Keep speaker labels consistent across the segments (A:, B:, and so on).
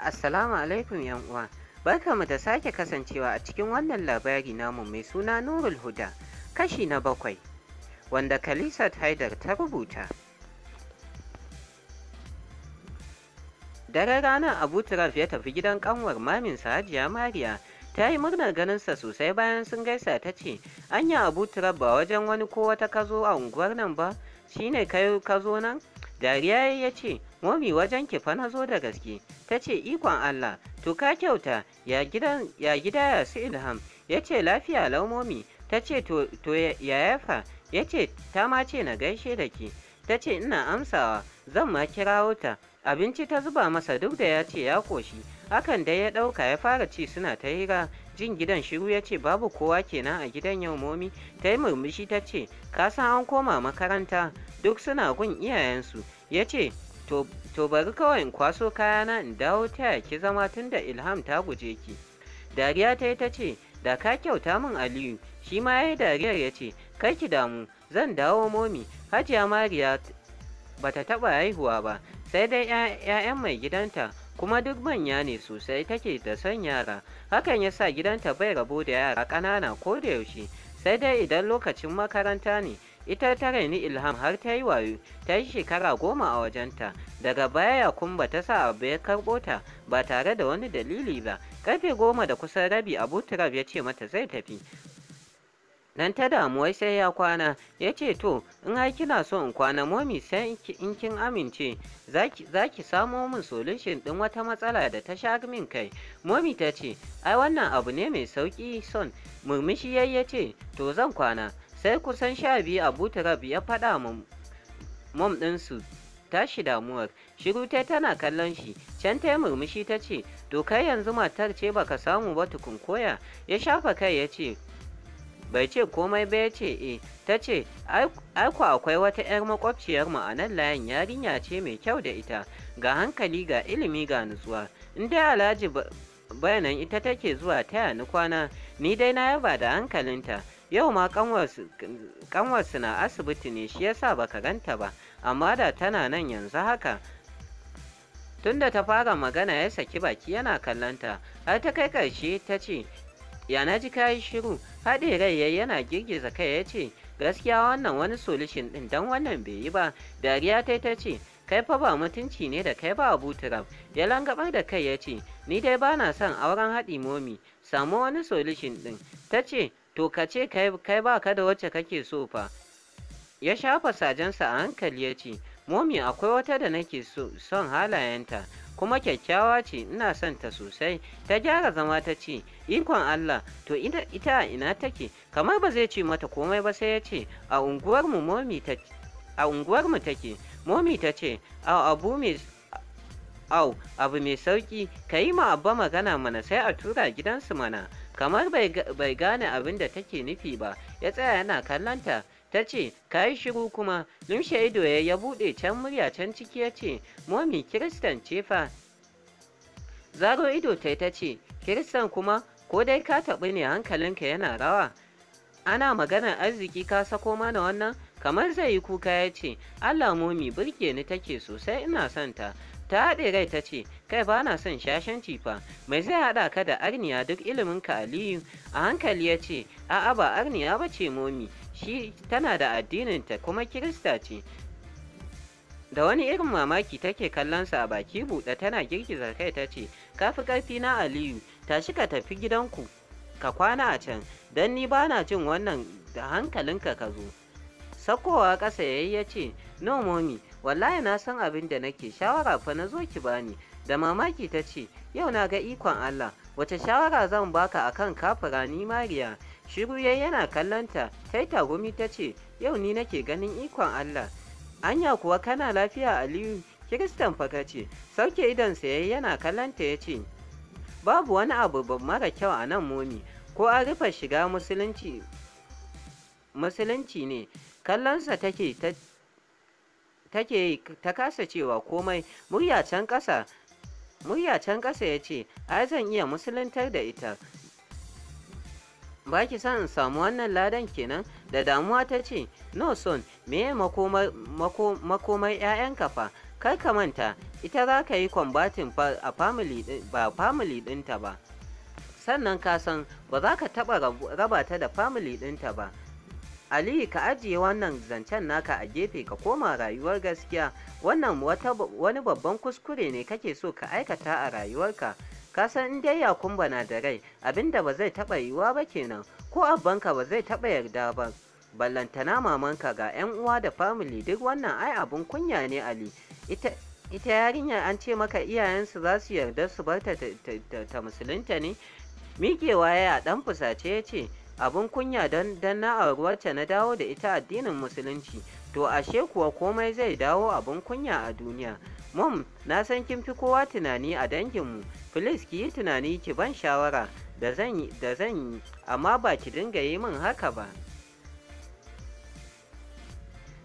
A: Assalamu alaikum yan uwa. Barka mu da sake kasancewa a cikin wannan labari namu mai suna Nurul Huda, kashi na bakwai, wanda Khalisat Haidar ta rubuta. Dare ranar Abu Turaf ya tafi gidan kanwar maminsa Hajiya Mariya, ta yi murnar ganinsa sosai bayan sun gaisa ta ce, Anya Abu Turaf ba wajen wani ko wata kazo a unguwar nan ba, shine ka zo nan? Dariya ya ce, Momi wajen kifa na zo da gaske, ta ce ikon Allah, to ka kyauta ya gida ya su ilham, ya ce lafiya lau Momi, ta ce to, ya yafa, ya ce ta ma ce na gaishe da ke. ta ce ina amsawa, zan ma kira ta, abinci ta zuba masa duk da ya ce ya ƙoshi, hakan da ya ɗauka ya fara ci suna ta hira, jin gidan shiru ya ce babu kowa kenan a gidan yau momi ta yi murmushi ta ce ka san an koma makaranta duk suna gun iyayensu ya ce to bari kawai in kwaso kayana in dawo taya ki zama tun da ilham ta guje ki dariya ta yi ta ce da ka kyauta min aliyu shi ma ya yi dariyar ya ce kai ki damu zan dawo momi hajiya mariya ba ta taɓa haihuwa ba sai dai 'ya'yan mai gidanta kuma duk manya ne sosai take da son yara hakan ya sa gidanta bai rabo da yara ƙanana ko da yaushe sai dai idan lokacin makaranta ne ita ta raini ilham har ta yi wayo ta yi shekara goma a wajenta daga baya ya kumba ta sa abu ya karɓo ta ba tare da wani dalili ba karfe goma da kusan rabi abu turab ya ce mata zai tafi dan ta damuwai sai ya kwana ya ce to in ai kina so in kwana momi sai in kin amince za ki samo min solution din wata matsala da ta sha min kai momi ta ce ai wannan abu ne mai sauki son murmushi yayi ce to zan kwana sai kusan sha biyu abu turab ya faɗa ma mom ɗinsu tashi damuwar shiru ta tana kallon shi can ta murmushi ta ce to kai yanzu matar ce baka samu ba tukun koya ya shafa kai ya ce bai ce komai ba ya ce e ta ce aiko akwai wata 'yar makwabciyar mu a nan layin yarinya ce mai kyau da ita ga hankali ga ilimi ga nutsuwa in dai alhaji bayanan ita take zuwa taya ni kwana ni dai na yaba da hankalinta yau ma kanwarsu na asibiti ne shi yasa baka ganta ba amma da tana nan yanzu haka tunda ta fara magana ya saki baki yana kallanta har ta kai karshe ta ce ya ji kayi shiru haɗe rai yana girgiza kai ya ce gaskiya wannan wani solution ɗin don wannan bai yi ba dariya ta ta ce kai fa ba mutunci ne da kai ba abu turam ya langabar da kai ya ce ni dai ba na son auren haɗi momi samu wani solution ɗin ta ce to ka ce kai ba ka da wacce kake so fa ya shafa sajensa a hankali ya ce momi akwai wata da nake son halayenta kuma kyakkyawa ce ina son ta sosai ta gyara zama ta ce ikon Allah to ita ina take kamar ba zai ce mata komai ba sai ya ce a unguwarmu mu take momi ta ce abu mai au abu mai sauki ka yi ma abba magana mana sai a tura gidansu mana kamar bai gane abin da take nufi ba ya tsaya yana kallanta ta ce ka yi shiru kuma lumshe ido ya ya buɗe can murya can ciki ya ce momi kiristan ce fa zaro ido ta ta ce kiristan kuma ko dai ka taɓi ne hankalinka yana rawa ana maganar arziki ka sako mana wannan kamar zai yi kuka ya ce allah momi burge ni take sosai ina son ta ta haɗe rai ta ce kai ba na son shashen cifa. mai zai haɗa ka da arniya duk ilimin ka aliyu a hankali ya ce a'a ba arniya ba ce momi shi tana da addininta kuma kirista ce da wani irin mamaki take kallonsa a baki buɗe tana girgiza kai ta ce ka fi ƙarfi na aliyu tashi ka tafi gidanku ka kwana a can don ni ba na jin wannan da hankalinka ka zo sakowa ƙasa ya yi ya ce no momi wallahi na san abin da nake shawara fa na zo ki bani da mamaki ta ce yau na ga ikon Allah wace shawara zan baka akan kafira ni mariya shiru yayi yana kallanta tai tagumi ta ce yau ni nake ganin ikon Allah anya kuwa kana lafiya aliyu kiristan ka ce sauke sa yayi yana kallanta ya ce babu wani abu ba mara kyau a nan momi ko an rufe shiga musulunci musulunci ne kallonsa take take ta kasa cewa komai murya can ƙasa murya can kasa ya ce ai zan iya musuluntar da ita ba ki san in samu wannan ladan kenan da damuwa ta ce no son meye makomar 'ya'yanka fa kar ka manta ita za ka yi kwambatin a ba family ɗinta ba sannan ka san ba za ka taɓa raba ta da family ɗinta ba Ali ka ajiye wannan zancen naka a gefe ka koma rayuwar gaskiya wannan wani babban kuskure ne kake so ka aikata a rayuwarka ka san in dai yakumba na da rai abinda ba zai taba yiwa ba kenan ko abbanka ba zai taba yarda ba ballantana mamanka ga 'yan uwa da famili duk wannan ai abun kunya ne ali ita ita yarinya an ce maka iyayensu za su yarda su barta ta musulunta ne miƙewa ya ɗan fusace ya ce Abin kunya don na aurwarta na dawo da ita addinin musulunci to ashe kuwa komai zai dawo abun kunya a duniya mum na san kin fi kowa tunani a danginmu filis ki yi tunani ki ban shawara da zan yi amma ba ki dinga yi min haka ba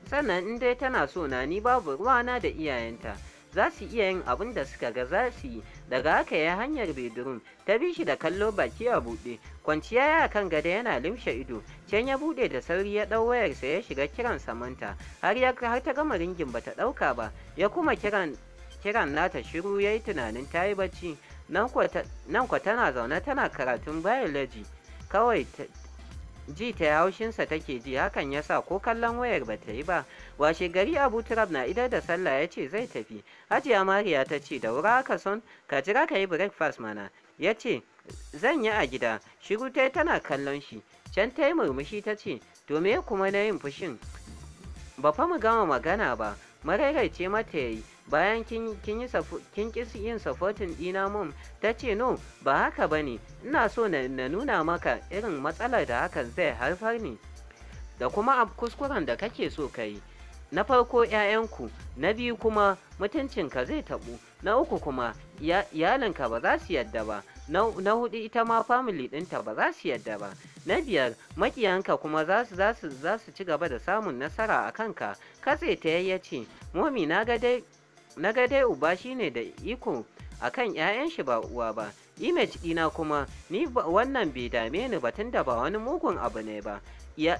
A: sannan in dai tana so na ni babu ruwana da iyayenta za su iya yin abin da suka ga za su yi daga haka ya hanyar bedroom ta bi shi da kallo baki a buɗe kwanciya ya kan gada yana limshe ido can ya buɗe da sauri ya ɗau wayarsa ya shiga kiran samanta har ya har ta gama ringin bata ɗauka ba ya kuma kiran kiran nata shiru ya yi tunanin ta yi bacci nan kwa tana zaune tana karatun biology kawai ji ta haushinsa take ji hakan ya sa ko kallon wayar ba ta yi ba washe gari abu turab na idar da sallah ya ce zai tafi hajiya mariya ta ce da wura ka son ka jira ka yi breakfast mana ya ce zan yi a gida shiru ta tana kallon shi can ta yi murmushi ta ce to me kuma na yin fushin ba fa mu gama magana ba ce mata ya yi bayan kin ƙi yin supporting ɗina mum ta ce no ba haka ba ne ina so na nuna maka irin matsalar da hakan zai haifar ne da kuma a kuskuren da kake so ka yi na farko 'ya'yanku na biyu kuma mutuncinka zai taɓu na uku kuma iyalinka ba za su yadda ba na hudu ita ma family ɗinta ba za su yadda ba na biyar makiyanka kuma za su ci gaba da samun nasara a kanka katse ta yayyace momi na ga dai na ga dai uba shine da iko akan 'ya'yan shi ba uwa ba image ɗina kuma ni wannan bai dame ni ba tunda ba wani mugun abu ne ba ya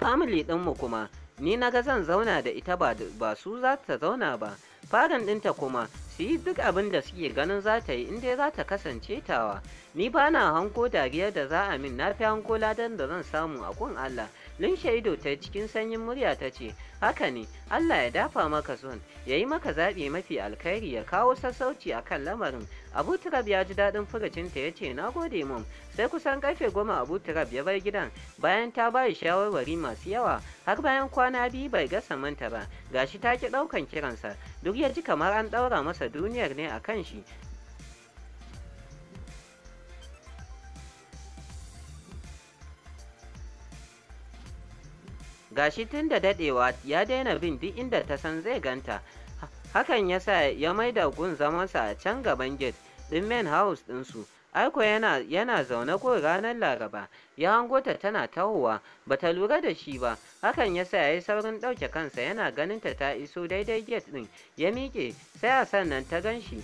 A: family ɗinmu kuma ni na ga zan zauna da ita ba ba su za ta zauna ba farin ɗinta kuma su yi duk abin da suke ganin za ta yi inda za ta kasance tawa ni ba na hanko dariyar da za a min na fi hanko ladan da zan samu a kun Allah lun ido ta cikin sanyin murya ta ce, Haka ne, Allah ya dafa maka son, ya yi maka zaɓi mafi alkhairi ya kawo sassauci a kan lamarin. Abu Turab ya ji daɗin furucinta ya ce, Na gode mun sai kusan ƙarfe goma Abu Turab ya bar gidan bayan ta ba shawarwari masu yawa har bayan kwana biyu bai ga samanta ba, gashi ta ki ɗaukan kiransa, duk ya ji kamar an ɗaura masa duniyar ne a kan shi, gashi tun da dadewa ya daina bin duk inda ta san zai ganta hakan ya sa ya maida gun zamansa a can gaban gate ɗin main house su. aiko yana, yana zaune ko ranar laraba ya hango ta tana tahowa bata lura da shi ba hakan ya sa ya yi saurin ɗauke kansa yana ganin ta ta iso daidai gate ɗin ya miƙe sai a sannan ta gan shi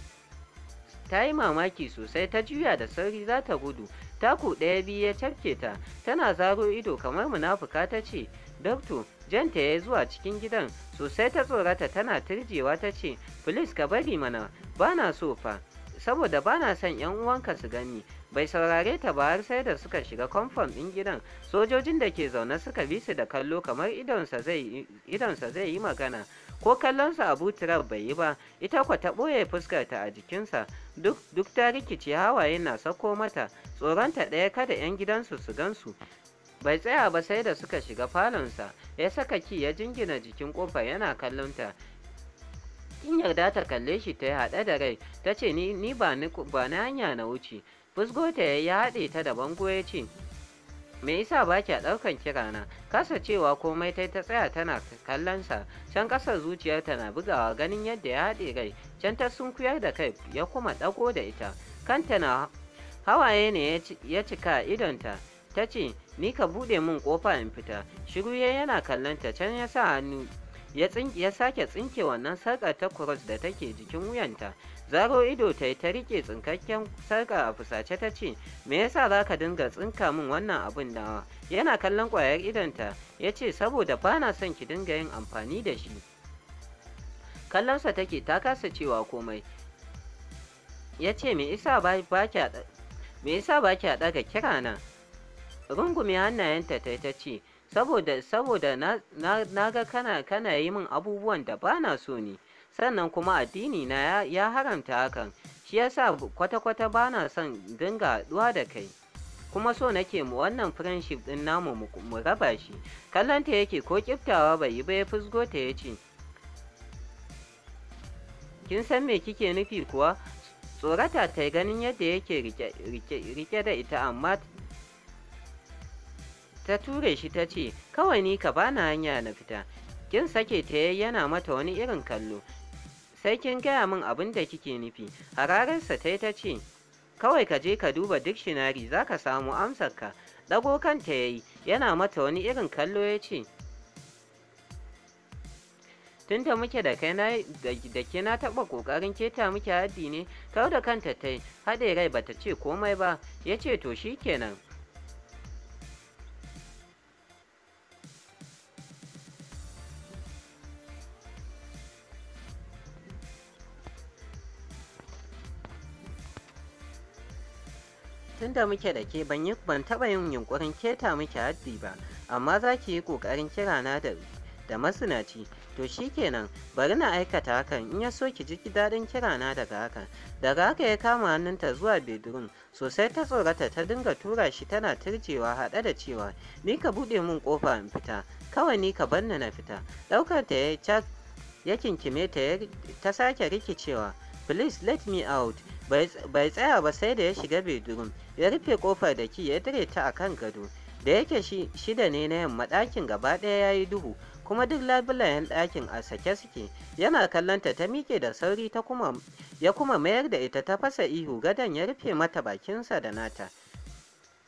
A: ta yi mamaki sosai ta juya da sauri za ta gudu taku ɗaya biyu ya cafke ta tana zaro ido kamar munafuka ta ce Dokto, janta ya zuwa cikin gidan sosai ta tsorata tana turjewa ta ce, Filis ka bari mana, ba na so fa, saboda ba na son ‘yan uwanka su gani. Bai saurare ta ba har sai da suka shiga kwamfam ɗin gidan, sojojin da ke zaune suka bi su da kallo kamar idonsa zai yi magana. Ko kallonsa abu turab bai yi ba, ita kwa ta ɓoye fuskar ta a jikinsa, duk ta rikice hawaye na sako mata, tsoronta ɗaya kada ‘yan gidansu su gansu. bai tsaya ba sai da suka shiga falonsa ya saka ki ya jingina jikin kofa yana kallon ta in yarda ta kalle shi ta haɗe da rai ta ce ni ba ni hanya na wuce Fusgo ta ya haɗe ta da bango ya ce me isa ba a ɗaukan kirana kasa cewa komai ta ta tsaya tana kallonsa can ƙasar zuciyarta na bugawa ganin yadda ya haɗe rai can ta sunkuyar da kai ya kuma ɗago da ita kanta na hawaye ne ya cika idonta ta ce ni ka buɗe min ƙofa in fita shiru ya yana kallonta can ya sa hannu ya sake tsinke wannan sarƙar ta kuros da take jikin wuyanta zaro ido ta ta rike tsinkakken sarƙa a fusace ta ce me yasa za ka dinga tsinka min wannan abin dawa yana kallon ƙwayar idonta ya ce saboda bana son ki dinga yin amfani da shi kallonsa take ta kasa cewa komai ya ce me yasa ba kya ɗaga kirana rungume hannayenta ta ta ce saboda saboda na ga kana kana yi min abubuwan da ba na so ne sannan kuma addini na ya haramta hakan shi yasa kwata-kwata ba na son dinga haɗuwa da kai kuma so nake mu wannan friendship din namu mu raba shi kallanta yake ko kiftawa bai yi ba ya fusgo ta ya ce kin san me kike nufi kuwa tsorata ta ganin yadda yake rike da ita amma ta ture shi ta ce kawai ni ka bana hanya na fita kin sake ta yana mata wani irin kallo sai kin gaya min abin da kike nufi hararsa ta ta ce kawai ka je ka duba dictionary za ka samu amsarka ɗago kanta ya yi yana mata wani irin kallo ya ce tun muke da kai da ke na taɓa ƙoƙarin keta muke haddi ne kawai da kanta ta haɗe rai bata ce komai ba ya ce to shi kenan da muke da ke ban ban taɓa yin yunkurin keta muke haddi ba amma za ki yi ƙoƙarin kira na da da masinaci to shi kenan bari na aikata hakan in ya so ki ji daɗin kira na daga hakan daga haka ya kama hannunta zuwa bedroom sosai ta tsorata ta dinga tura shi tana turjewa haɗa da cewa ni ka buɗe min kofa in fita kawai ni ka banna na fita ɗaukar ta ya ya kinkime ta ta sake rikicewa please let me out bai tsaya ba sai da ya shiga bedroom ya rufe kofar da ki ya dire ta a kan gado da yake shi shida ne na yamma ɗakin gaba ɗaya ya yi duhu kuma duk labulayen ɗakin a sake suke yana kallonta ta miƙe da sauri ta kuma ya kuma mayar da ita ta fasa ihu gadon ya rufe mata bakinsa da nata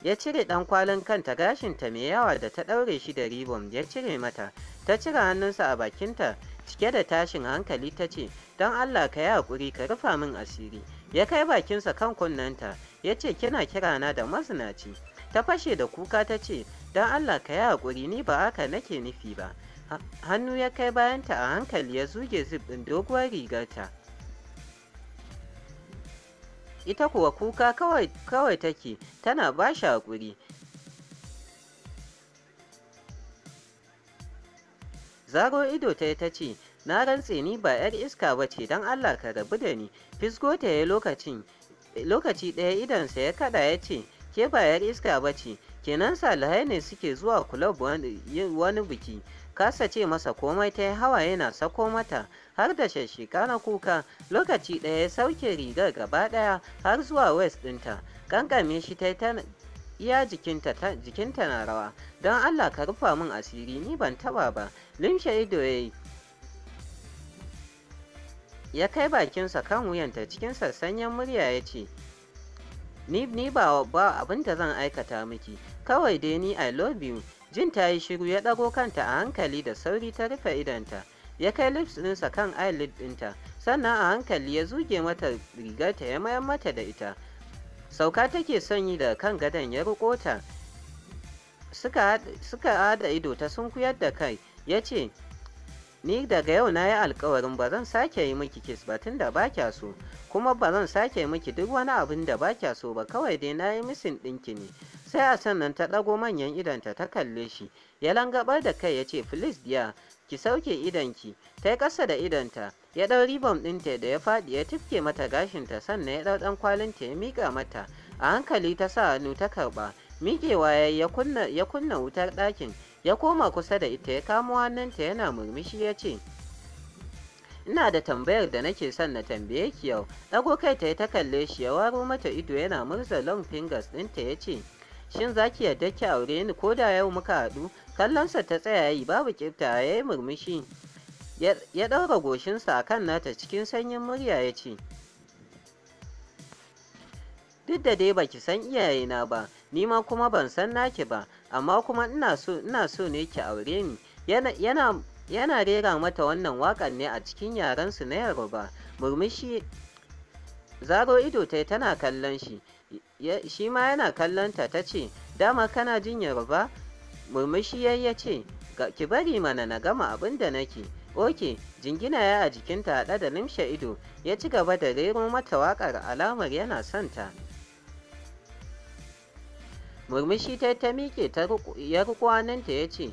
A: ya cire ɗan kwalin kanta gashinta mai yawa da ta ɗaure shi da ribom, ya cire mata ta cire hannunsa a bakinta cike da tashin hankali ta ce don allah ka yi haƙuri ka rufa min asiri ya kai bakinsa kan kunnenta ya ce kina kirana da mazinaci ta fashe da kuka ta ce don allah ka yi haƙuri ni ba haka nake nufi ba hannu ya kai bayanta a hankali ya zuge zib ɗin doguwar rigarta ita kuwa kuka kawai, kawai take tana ba shi haƙuri zaro ido ta yi ta ce na rantse ni ba 'yar iska ba ce don allah ka rabu da ni fiskote ya lokacin lokaci ɗaya idansa ya kaɗa ya ce ke ba yar iska ba ce kenan salihai ne suke zuwa kulab wani biki kasa ce masa komai ta hawa yana sako mata har da shashika na kuka lokaci ɗaya ya sauke rigar gaba ɗaya har zuwa west ɗinta kankame shi ta iya jikinta, jikinta na rawa don allah ka rufa min asiri ni ban taba ba limshe ido ya yi ya kai bakinsa kan wuyanta cikin sassanyen murya ya ce ni ba ba abin da zan aikata miki kawai dai ni i love you jin ta yi shiru ya ɗago kanta a hankali da sauri ta rufe idanta ya kai lips ɗinsa kan eyelid ɗinta sannan a hankali ya zuge mata rigarta ya mayar mata da ita sauka take son yi da kan gadon ya riko ta suka haɗa ido ta sunkuyar da kai ya ce ni daga yau na yi alkawarin ba zan sake yi miki kes ba tunda da ba kya so kuma ba zan sake yi miki duk wani abin da ba kya so ba kawai dai na yi misin ɗinki ne sai a sannan ta ɗago manyan idanta ta kalle shi ya langabar da kai ya ce please dear ki sauke idanki ta yi ƙasa da idanta ya ɗau ribom ɗinta da ya faɗi ya tifke mata gashinta sannan ya ɗau ɗan kwalinta ya miƙa mata a hankali ta sa hannu ta karɓa miƙewa ya kunna wutar ɗakin ya koma kusa da ita ya kamo hannunta yana murmushi ya ce ina da tambayar da nake son na tambaye ki yau dago kai ta ta kalle shi ya waro mata ido yana murza long fingers ɗinta ya ce shin za ki yarda ki aure ni ko da yau muka haɗu kallonsa ta tsaya yayi babu kifta ya murmushi ya ɗaura goshinsa a kan nata cikin sanyin murya ya ce duk da dai baki san iyayena ba ni ma kuma ban san naki ba amma kuma ina so ina so ne ki aure ni yana yana rera mata wannan wakar ne a cikin yaran su na Yoruba murmushi zaro ido tai tana kallon shi shi ma yana kallon ta tace dama kana jin Yoruba murmushi ya ce ki bari mana na gama abin da nake oke jingina ya a jikinta hada da nimshe ido ya ci gaba da rero mata waƙar alamar yana son ta murmushi ta ta miƙe ya kwananta ya ce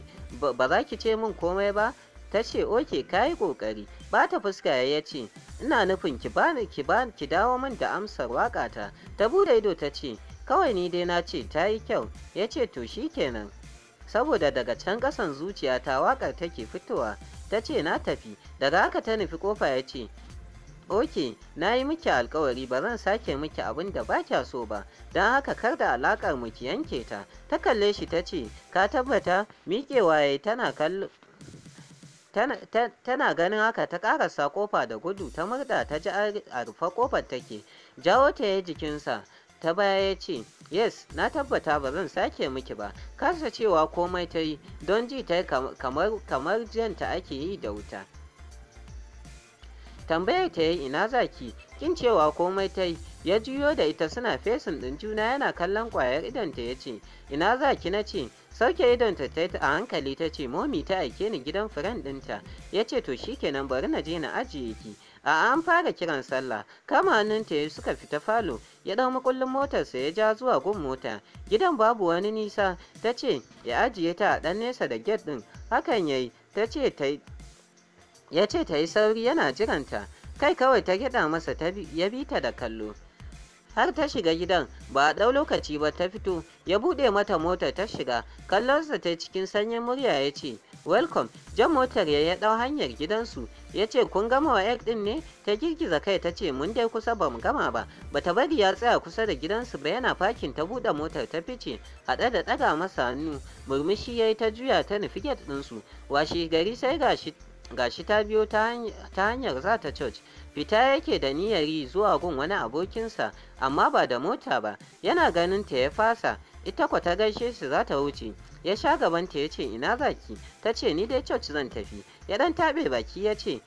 A: ba za ki ce min komai ba ta ce oke ka yi ƙoƙari ba ta fuska ya ce ina nufin ki bani ki ki dawo min da amsar waƙata ta bude ido ta ce kawai ni dai na ce ta yi kyau ya ce to shi kenan saboda daga can ƙasan zuciya ta waƙar take fitowa ta ce na tafi daga haka ta nufi ƙofa ya ce Ok na yi miki alkawari ba zan sake miki abin da ba kya so ba, don haka kar da alaƙar mu ki yanke ta. Ta kalle shi ta ce, ka tabbata miƙewa yayi tana tana ganin haka ta ƙarasa kofa da gudu ta murda ta ji a rufe kofar take jawo ta ya jikinsa ta baya ya ce yes na tabbata ba zan sake miki ba kasa cewa komai ta yi don ji ta kamar kamar ta ake yi da wuta Tambayar ta yi ina zaki kin cewa komai ta yi ya juyo da ita suna fesin ɗin juna yana kallon ƙwayar idonta ya ce ina zaki na ce sauke idonta ta a hankali ta ce momi ta aike ni gidan firan ɗinta ya ce to shikenan bari na je na ajiye ki a an fara kiran sallah kama ta ya suka fita falo ya ɗau makullin motarsa ya ja zuwa gun mota gidan babu wani nisa ta ce ya ajiye ta a ɗan nesa da gate ɗin hakan ya yi ta ce ya ce ta yi sauri yana jiranta kai kawai ta gida masa ya bi ta da kallo har ta shiga gidan ba a ɗau lokaci ba ta fito ya buɗe mata mota ta shiga kallonsa ta cikin sanyin murya ya ce welcome jan motar ya ɗau hanyar gidansu ya ce kun gama wa egg ɗin ne ta girgiza kai ta ce mun dai kusa ba mu gama ba bata bari ya tsaya kusa da gidansu ba yana fakin ta buɗe motar ta fice haɗe da ɗaga masa hannu murmushi ya yi ta juya ta nufi gate ɗinsu washe gari sai gashi gashi ta biyo ta hanyar za ta church fita yake da niyyar yi zuwa gun wani abokinsa amma ba da mota ba yana ganin ta ya fasa ita kwa ta gaishe shi za ta wuce ya sha gabanta ya ce ina zaki ta ce ni dai church zan tafi ya dan taɓe baki ya ce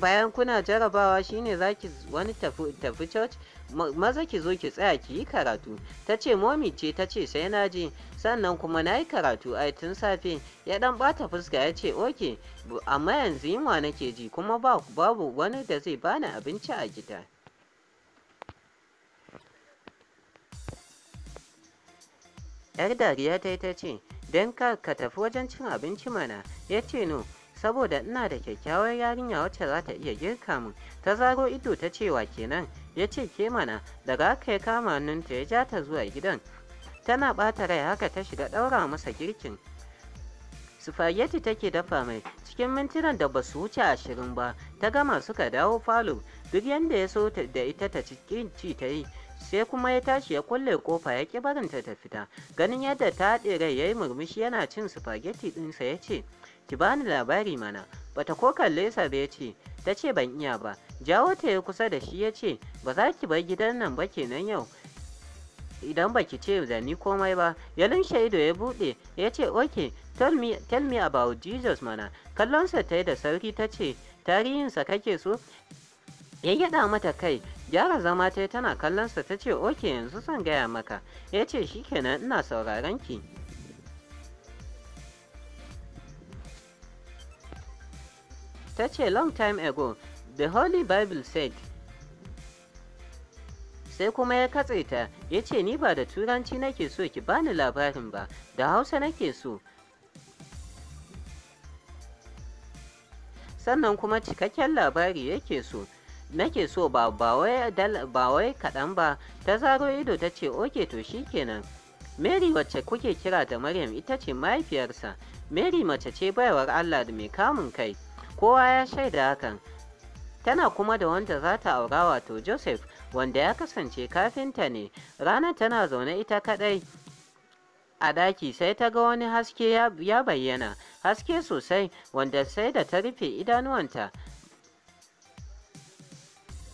A: bayan kuna jarabawa shine zaki wani tafi church maza ki zo ki tsaya ki yi karatu ta ce momi ce ta ce sai na je sannan kuma na yi karatu ai tun safe ya dan bata fuska ya ce oke amma yanzu yunwa nake ji kuma babu wani da zai bani abinci a gida yar dariya ta yi ta ce don ka tafi wajen cin abinci mana ya ce no saboda ina da kyakkyawar yarinya wacce za ta iya girka mu ta zaro ido ta cewa kenan ya ce ke mana daga haka ya kama hannunta ya ja ta zuwa gidan tana ɓata rai haka ta shiga ɗaura masa girkin Sufageti take dafa mai cikin mintunan da ba su wuce ashirin ba ta gama suka dawo falo duk yadda ya so da ita ta cikin ci ta yi sai kuma ya tashi ya kulle kofa ya ƙi barinta ta fita ganin yadda ta haɗe rai ya yi murmushi yana cin sufageti ɗinsa ya ce ki bani labari mana bata ko kalle sa ba yace tace ban iya ba jawo ta ya kusa da shi yace ba za ki bar gidan nan ba kenan yau idan ba ki ce da ni komai ba ya linshe ido ya bude. ya ce ok tell me, tell me about jesus mana kallonsa ta yi da sauri ta ce sa kake so ya gyaɗa mata kai gyara zama ta tana kallonsa ta ce oke yanzu zan gaya maka ya ce shikenan ina sauraron ki ta ce long time ago the holy bible said sai kuma ya katse ta ya ce ni ba da turanci nake so ki bani labarin ba da hausa nake so sannan kuma cikakken labari yake so nake so ba wai kaɗan ba ta zaro ido ta ce oke to kenan. mary wacce kuke kira da maryam ita ce mahaifiyarsa mary mace ce baiwar allah da mai kamun kai kowa ya shaida hakan tana kuma da wanda za ta aura wato joseph wanda ya kasance kafinta ne ranar tana zaune ita kadai a daki sai ta ga wani haske ya bayyana haske sosai wanda sai da ta rufe idanuwanta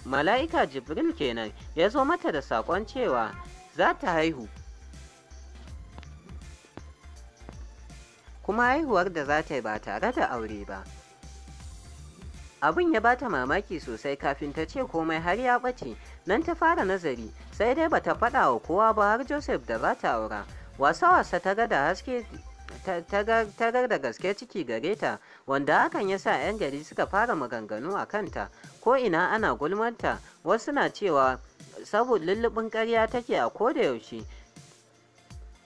A: mala'ika jibril kenan ya zo mata da saƙon cewa za ta haihu kuma haihuwar da za ta yi ba tare da aure ba Abin ya bata mamaki sosai kafin ta ce komai har ya bace. nan ta fara nazari, sai dai bata faɗawa wa kowa ba har Joseph da za ta aura. Wasa-wasa ta ga da haske ta ga da gaske ciki gare ta wanda hakan ya sa 'yan gari suka fara maganganu a kanta ko ina ana gulmanta wasu na cewa saboda lullubin karya take a koda yaushe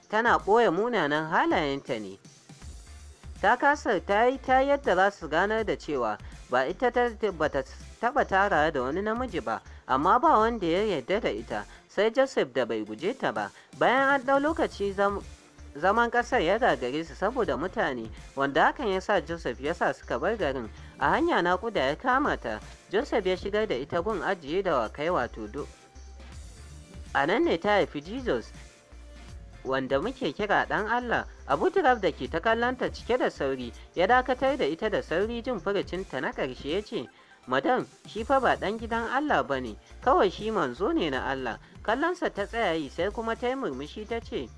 A: tana ɓoye munanan halayenta ne ta kasa ta yi yadda za su ganar da cewa ba ita ta bata taba tara da wani namiji ba amma ba wanda ya yarda da ita sai joseph da bai guje ta ba bayan an dau lokaci zaman ƙasar ya gagare su saboda mutane wanda hakan ya sa joseph ya sa suka bar garin a hanya nakuda ya kama ta joseph ya shigar da ita gun ajiye da kai wato a nan ne ta haifi jesus wanda muke kira 'Ɗan Allah Abu Turab da ke ta kallanta cike da sauri ya dakatar da ita da sauri jin furucinta na ƙarshe ya ce madam shi fa ba ɗan gidan Allah ba ne kawai shi manzo ne na Allah kallonsa ta tsayayi sai kuma ta yi murmushi ta ce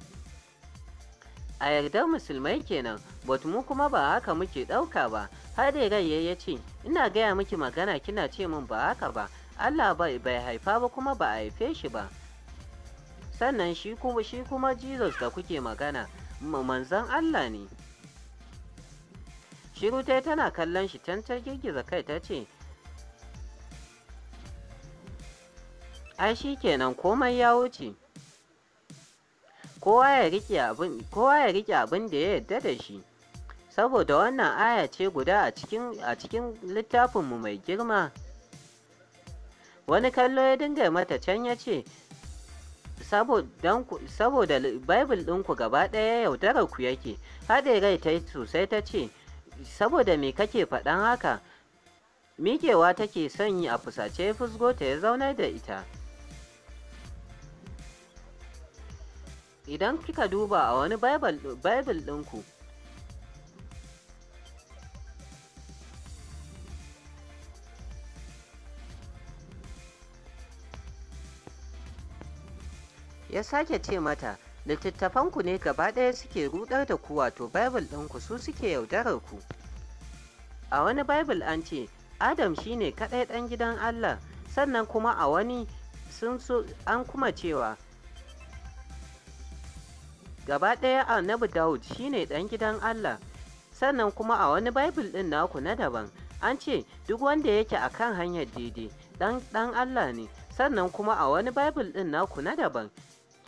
A: a yardar musulmai kenan but mu kuma ba haka muke ɗauka ba har da rai ya ce ina gaya miki magana kina ce min ba haka ba Allah bai haifa ba kuma ba a haife shi ba sannan shi kuma shi kuma jesus da kuke magana manzon allah ne shiru ta tana kallon shi can ta girgiza kai ta ce ai shi kenan komai ya wuce kowa ya rike abin da ya yarda da shi saboda wannan aya ce guda a cikin littafinmu mai girma wani kallo ya dinga mata can ya ce saboda Bible ɗinku gaba ɗaya yaudarar ku yake, haɗe rai ta sosai ta ce, saboda me kake faɗan haka, miƙewa take son yi a fusace fusgo ta ya zaunar da ita. Idan kika duba a wani Bible ɗinku, ya sake ce mata littattafanku ne gaba ɗaya suke rudar da ku wato bible ɗinku su suke yaudarar ku a wani bible an ce adam shine kaɗai ɗan gidan allah sannan kuma a wani sun so an kuma cewa gaba ɗaya annabi dawud shine ɗan gidan allah sannan kuma a wani bible ɗin naku na daban an ce duk wanda yake a kan hanyar daidai ɗan allah ne sannan kuma a wani bible ɗin naku na daban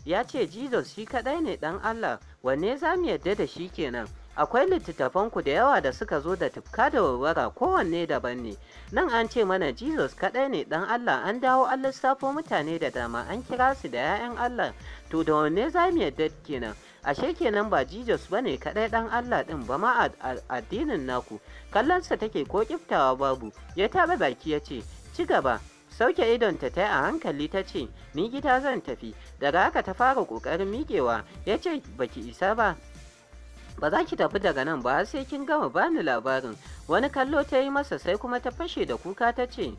A: ya ce jesus shi kadai ne dan allah wanne za mu yadda da shi kenan akwai littattafanku da yawa da suka zo da tufka da warwara kowanne daban ne nan an ce mana jesus kadai ne dan allah an dawo an lissafo mutane da dama an kira su da 'ya'yan allah to da wanne za mu yadda kenan ashe kenan ba jesus ba ne kadai dan allah ɗin ba ma addinin naku kallonsa take ko kiftawa babu ya taɓa baki ya ce ci gaba sauke idon ta a hankali ta ce ni gida zan tafi daga haka ta fara ƙoƙarin miƙewa ya ce baki isa ba ba za ki tafi daga nan ba sai kin gama bani labarin wani kallo ta yi masa sai kuma ta fashe da kuka ta ce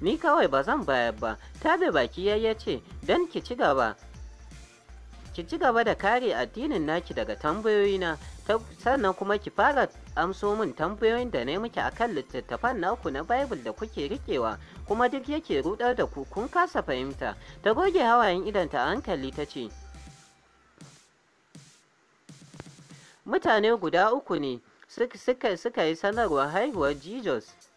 A: ni kawai ba zan bayar ba tabe baki ya ce don ki ci gaba ki ci gaba da kare addinin naki daga tambayoyina sannan kuma ki fara amso min tambayoyin da na miki akan littattafan naku na bible da kuke rikewa kuma duk yake rudar da ku kun kasa fahimta ta goge hawayen idanta a hankali ta ce mutane guda uku ne suka yi sanarwar haihuwar jesus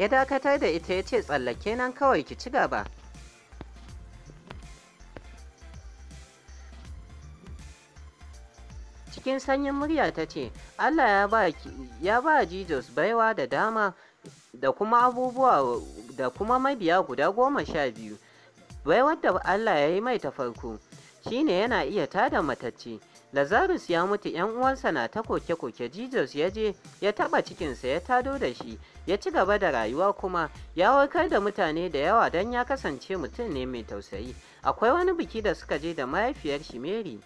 A: ya dakatar da ita ya ce tsallake nan kawai ki ci gaba cikin sanyin murya ta ce allah ya ba jesus baiwa da dama da kuma abubuwa da kuma mabiya guda goma sha biyu baiwar da allah ya yi mai ta farko shine yana iya tada matacce lazarus ya mutu yan uwansa na ta koke-koke jesus ya je ya taba cikinsa ya tado da shi ya ci gaba da rayuwa kuma ya warkar da mutane da yawa don ya kasance mutum ne mai tausayi akwai wani biki da suka je da mahaifiyar shi mary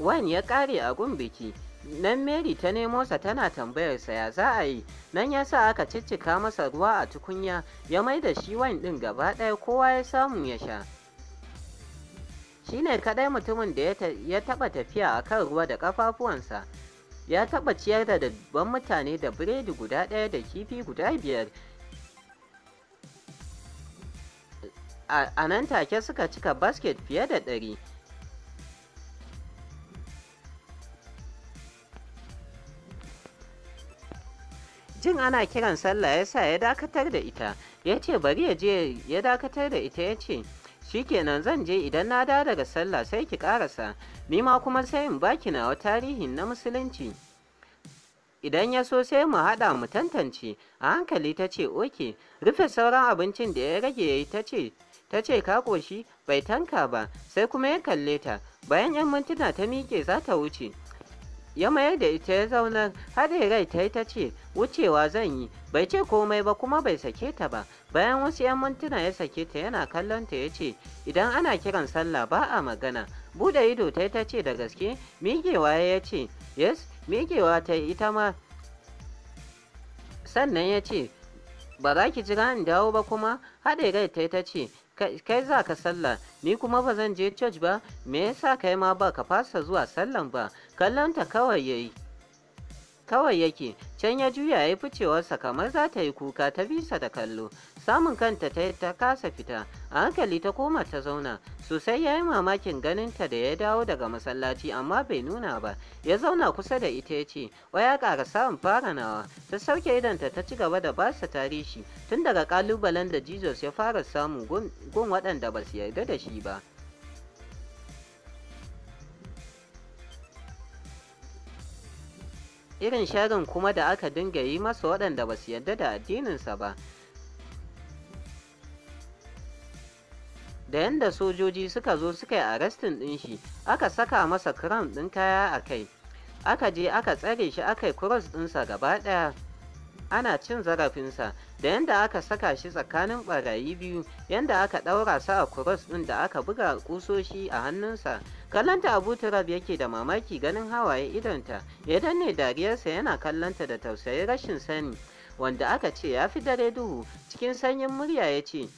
A: wani ya kare a gun biki nan mary ta nemo sa tana tambayarsa ya za a yi nan ya sa aka ciccika masa ruwa a tukunya ya mai da shi wani ɗin gaba ɗaya kowa ya samu ya sha shi ne kadai mutumin da ya taɓa tafiya a kan ruwa da ƙafafuwansa ya taba ciyar da dabban mutane da biredi guda ɗaya da kifi guda biyar a nan take suka cika basket fiye da ɗari jin ana kiran sallah ya sa ya dakatar da ita ya ce bari ya je ya dakatar da ita ya ce shikenan zan je idan na dawo daga sallah sai ki karasa ni ma kuma sai in baki nawa tarihin na musulunci idan ya so sai mu haɗa mu tantance a hankali ta ce oke rufe sauran abincin da ya rage ya yi ta ce ta ce ka ƙoshi bai tanka ba sai kuma ya kalle ta bayan 'yan mintuna ta miƙe za ta wuce ya mayar da ita ya zauna haɗe rai ta yi ta ce wucewa zan yi bai ce komai ba kuma bai sake ta ba bayan wasu 'yan mintuna ya sake ta yana kallon ta ya ce idan ana kiran sallah ba a magana bude ido ta yi ta ce da gaske migewa ya ce yes migewa ta yi ita ma sannan ya ce ba za ki jira in dawo ba kuma haɗe rai ta yi ta ce kai za ka sallah ni kuma ba zan je church ba me yasa kai ma ba ka fasa zuwa sallan ba kallon ta kawai yayi kawai yake can ya juya ya yi ficewarsa kamar za ta yi kuka ta bisa da kallo samun kanta ta ta kasa fita a hankali ta koma ta zauna sosai ya yi mamakin ganinta da ya dawo daga masallaci amma bai nuna ba ya zauna kusa da ita ya ce waya ƙara samun fara nawa ta sauke idanta ta ci gaba da basa tarihi tun daga ƙalubalen da jesus ya fara samun gun waɗanda ba su yarda da shi ba irin sharin kuma da aka dinga yi masa waɗanda ba su yadda da addininsa ba da yadda sojoji suka zo suka yi arestin ɗin shi aka saka masa crown ɗin kaya a kai aka je aka tsare shi aka yi cross ɗinsa gaba ɗaya ana cin zarafinsa da yadda aka saka shi tsakanin ɓarayi biyu yadda aka ɗaura sa a kuros ɗin da aka buga ƙusoshi a hannunsa kallonta abu turab yake da mamaki ganin hawaye idonta ya danne dariyarsa yana kallonta da tausayin rashin sani wanda aka ce ya fi dare duhu cikin sanyin murya ya ce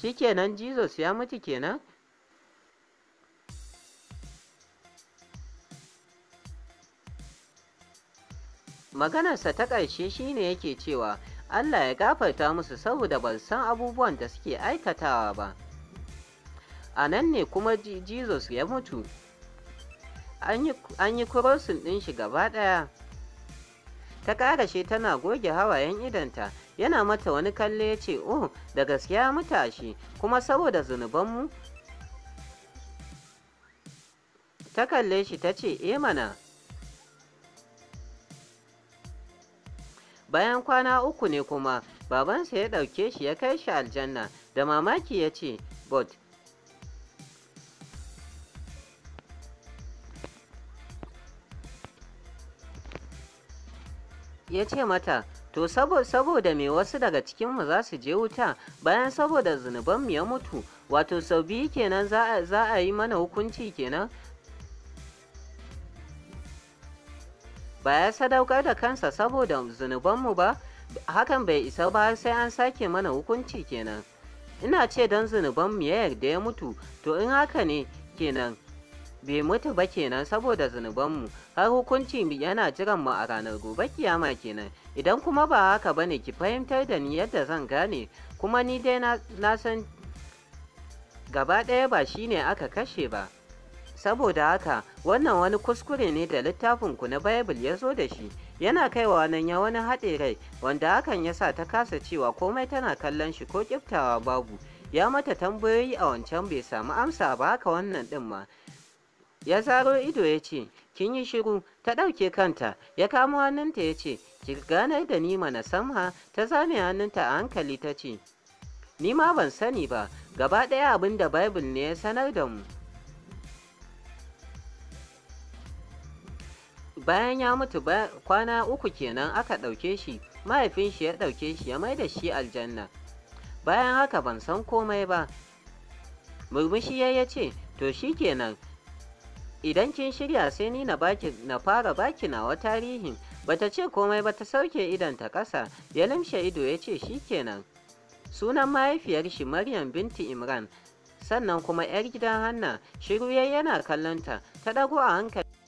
A: shikenan jesus ya mutu kenan maganarsa ta ƙarshe shine yake cewa allah ya gafarta musu saboda ban san abubuwan da suke aikatawa ba a nan ne kuma jesus ya mutu an yi kurosin ɗin shi gaba ɗaya ta ƙarashe tana goge hawayen idanta yana mata wani kalle ya ce oh da gaskiya mutashi kuma saboda zunubanmu ta kalle shi ta ce e mana bayan kwana uku ne kuma babansa ya ɗauke shi ya kai shi aljanna da mamaki ya ce but. ya ce mata to saboda me wasu daga cikinmu za su je wuta bayan saboda zunubanmu ya mutu wato sau biyu kenan za a yi mana hukunci kenan ba ya sadaukar da kansa saboda zunubanmu ba hakan bai isa ba sai an sake mana hukunci kenan ina ce don zunubanmu ya yarda ya mutu to in haka ne kenan bai mutu ba kenan saboda zunubanmu har hukunci yana jiran mu a ranar gobe kiyama kenan idan kuma ba haka ba ne ki fahimtar da ni yadda zan gane kuma ni dai na san gaba ɗaya ba shine aka kashe ba saboda haka wannan wani kuskure ne da littafin ku na bible ya zo da shi yana kaiwa nan ya wani haɗe rai wanda hakan ya sa ta kasa cewa komai tana kallon shi ko kiftawa babu ya mata tambayoyi a wancan bai samu amsa ba haka wannan ɗin ma ya zaro ido ya ce kin yi shiru ta ɗauke kanta ya kamo hannunta ya ce ki ganar da ni mana samha ta zame hannunta a hankali ta ce ni ma ban sani ba gaba ɗaya abin da bible ne ya sanar da mu bayan ya mutu kwana uku kenan aka ɗauke shi mahaifin shi ya ɗauke shi ya mai da shi aljanna bayan haka ban san komai ba murmushi ya ce to shi kenan idan kin shirya sai ni na baki na fara baki nawa tarihin bata ce komai ba ta sauke idon ta ƙasa ya limshe ido ya ce shikenan sunan mahaifiyar shi maryam binti imran sannan kuma 'yar gidan hanna shiru yana kallonta ta dago a hankali